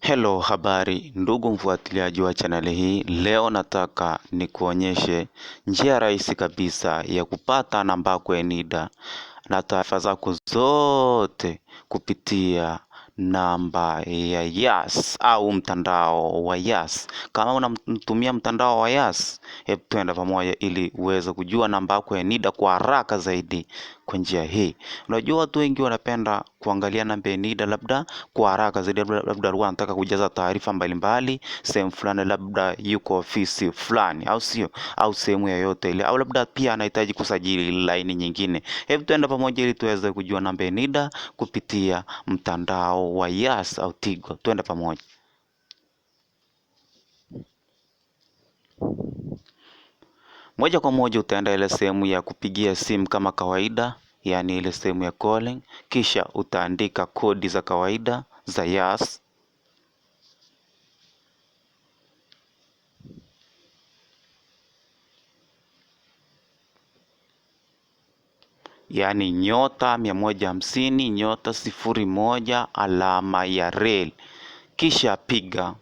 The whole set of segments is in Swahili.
Hello habari ndugu mfuatiliaji wa chaneli hii, leo nataka nikuonyeshe njia rahisi kabisa ya kupata namba yako ya NIDA na taarifa zako zote kupitia namba ya Yas au mtandao wa Yas. Kama unamtumia mtandao wa Yas, hebu tuenda pamoja ili uweze kujua namba yako ya NIDA kwa haraka zaidi kwa njia hii. Unajua watu wengi wanapenda kuangalia na benida labda kwa haraka zaidi, labda alikuwa anataka kujaza taarifa mbalimbali sehemu fulani, labda yuko ofisi fulani, au sio, au sehemu yoyote ile, au labda pia anahitaji kusajili laini nyingine. Hebu tuenda pamoja ili tuweze kujua na benida kupitia mtandao wa Yas au Tigo. Tuenda pamoja. Moja kwa moja utaenda ile sehemu ya kupigia simu kama kawaida yaani ile sehemu ya calling, kisha utaandika kodi za kawaida za YAS yaani nyota mia moja hamsini nyota sifuri moja alama ya rel kisha piga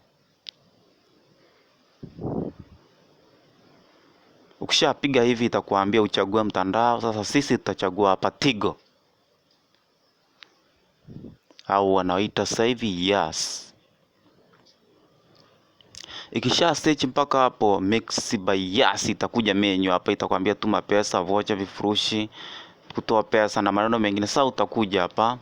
Ukishapiga hivi itakuambia uchague mtandao. Sasa sisi tutachagua hapa Tigo au wanaoita sasa hivi yes. Ikisha search mpaka hapo mix by yes, itakuja menu hapa, itakwambia tuma pesa, vocha, vifurushi, kutoa pesa na maneno mengine. Sasa utakuja hapa,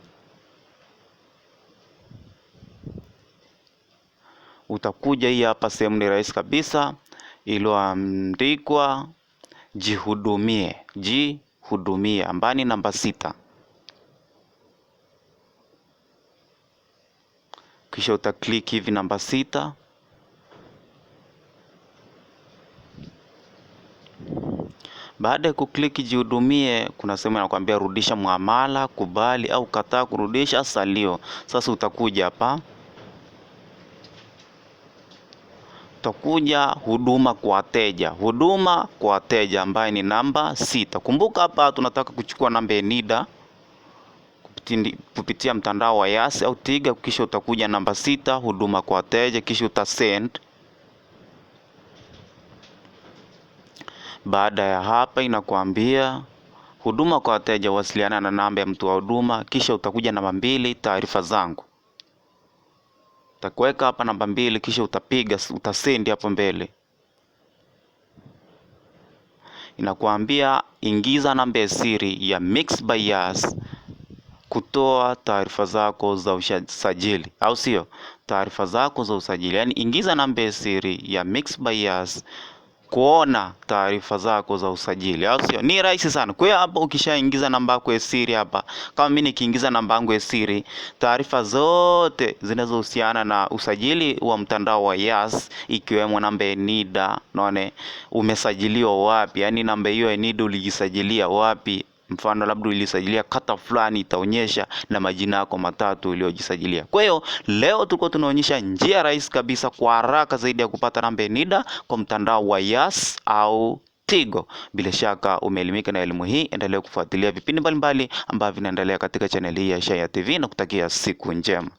utakuja hii hapa sehemu ni rahisi kabisa iliyoandikwa Jihudumie. Jihudumie ambayo ni namba sita. Kisha utaklik hivi namba sita Baada ya kukliki jihudumie, kuna sehemu inakwambia rudisha muamala, kubali au kataa kurudisha salio. Sasa utakuja hapa tutakuja huduma kwa wateja, huduma kwa wateja ambaye ni namba sita. Kumbuka hapa tunataka kuchukua namba ya NIDA kupitia mtandao wa Yas au Tiga, kisha utakuja namba sita, huduma kwa wateja, kisha send. Baada ya hapa inakuambia huduma kwa wateja, wasiliana na namba ya mtu wa huduma, kisha utakuja namba mbili, taarifa zangu utakuweka hapa namba mbili, kisha utapiga utasendi hapo mbele, inakuambia ingiza namba ya siri ya Mixx Buyers kutoa taarifa zako za usajili, au sio? Taarifa zako za usajili, yaani ingiza namba ya siri ya Mixx Buyers kuona taarifa zako za usajili, au sio? Ni rahisi sana. Kwa hiyo hapa ukishaingiza namba yako ya siri hapa, kama mimi nikiingiza namba yangu ya siri, taarifa zote zinazohusiana na usajili wa mtandao wa Yas, ikiwemo namba ya NIDA, naone umesajiliwa wapi, yaani namba hiyo ya NIDA ulijisajilia wapi Mfano labda ulisajilia kata fulani, itaonyesha na majina yako matatu uliyojisajilia. Kwa hiyo leo tulikuwa tunaonyesha njia rahisi kabisa kwa haraka zaidi ya kupata namba ya NIDA kwa mtandao wa Yas au Tigo. Bila shaka umeelimika na elimu hii. Endelea kufuatilia vipindi mbalimbali ambavyo vinaendelea katika chaneli hii ya Shayia TV na kutakia siku njema.